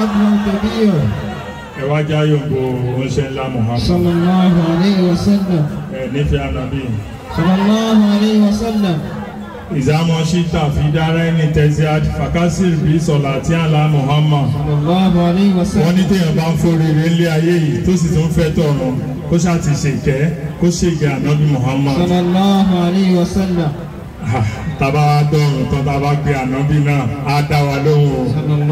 عدلا كبيرا ẹ wá já yòǹbo oúnṣẹ́ ńlá Muhammad. sallallahu alayhi wa sallam. ẹ nífẹ̀ẹ́ anabi. sallallahu alayhi wa sallam. ìzámọ̀ ṣíta dára ẹni tẹ̀síad fakasi bí sọ̀lá tí a la Muhammad. sallallahu wa sallam. wọ́n ní téèyàn bá ń foríire ilé ayé yìí tó sì tún fẹ́ tọ̀run kó ṣáà ti ṣèkẹ́ kó ṣègbè anabi Muhammad. sallallahu alayhi wa sallam. Ah, tàbá dọ̀rùn tán tàbá gbé anabi náà á dá wa lóhùn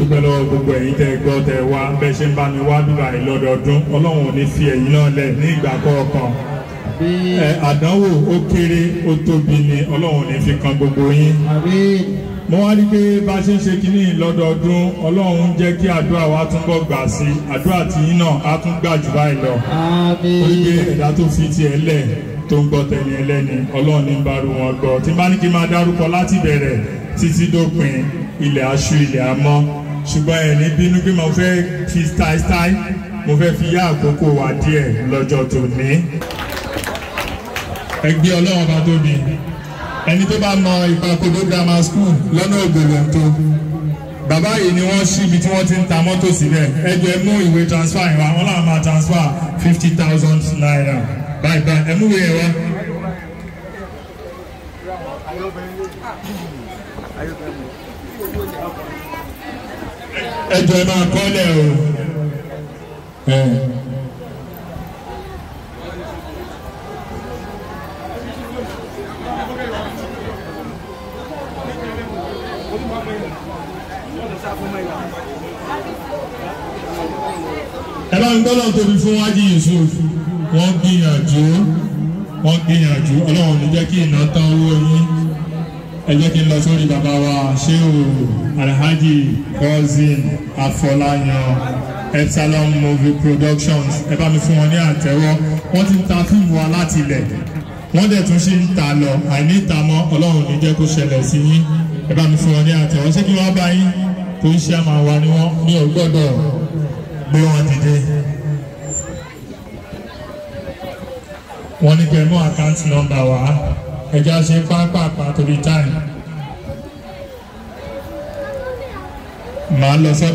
mo gbogbo ẹ̀yin tẹ́ gbọ́ tẹ́ wá bẹ́ẹ̀ ṣe ń bá mi wá bíbá yìí lọ́dọọdún ọlọ́run ò ní fi ẹ̀yin náà lẹ̀ ní ìgbà kọ̀ọ̀kan ẹ àdánwò ó kéré ó tóbi ni ọlọ́run ò ní fi kan gbogbo yín mo wá rí pé bá ṣe ń ṣe kínní lọ́dọọdún ọlọ́run jẹ́ kí àdúrà wa túnbọ̀ gbà sí àdúrà tìyín náà á tún gbà jù báyìí lọ orí ẹ̀dá tó fi tiẹ̀ lẹ̀ tó ń gbọ́ tẹ̀lé ẹlẹ́ni ọlọ́run ní bá wọn gbọ́ tí bá ní kí n máa dárúkọ láti bẹ̀rẹ̀ títí dópin ilẹ̀ aṣú ilẹ̀ amọ́ ṣùgbọ́n ẹ̀ ní bínú bí mo fẹ́ fi táìtáì mo fẹ́ fi yá àkókò wa díẹ̀ lọ́jọ́ tòní. ẹgbẹ́ ọlọ́run bá tóbi ẹni tó bá mọ ìpàkòdó grammar school lọ́nà ògbòlòǹtò bàbá yìí ni wọ́n ṣí ibi tí wọ́n ti ń ta mọ́tò sílẹ̀ ẹjọ́ ẹ mú ìwé transfer yẹn wá wọ́n làwọn máa transfer fifty thousand naira báyìí báyìí ẹ mú ìwé yẹn wá. Thank you ẹjọ́ ẹ máa kọ́lẹ̀ o. ẹ bá ń gbọ́dọ̀ tóbi fún wájú Yusuf wọ́n gbìyànjú wọ́n gbìyànjú ọlọ́run ní jẹ́ kí iná tán owó yín ẹ jẹ́ kí n lọ sórí bàbá wa ṣéwò alhaji cousin afọláyan epsilon movie productions ẹ bá mi fún wọn ní àtẹ́wọ́ wọ́n ti ń ta fíìmù wa láti ilẹ̀ wọ́n dẹ̀ tún ṣe ń ta lọ àìní ìta mọ́ ọlọ́run ní jẹ́ kó ṣẹlẹ̀ sí yín ẹ bá mi fún wọn ní àtẹ́wọ́ ṣé kí wọ́n bá yín kò ń ṣe àmà wa ni wọ́n ní ọgbọ́dọ̀ gbé wọn dìde. wọ́n ní pẹ̀lú àkáǹtì nọ́mbà wa. I ẹ já ṣe pápápá torí táyì. màá lọ sọ́dọ̀.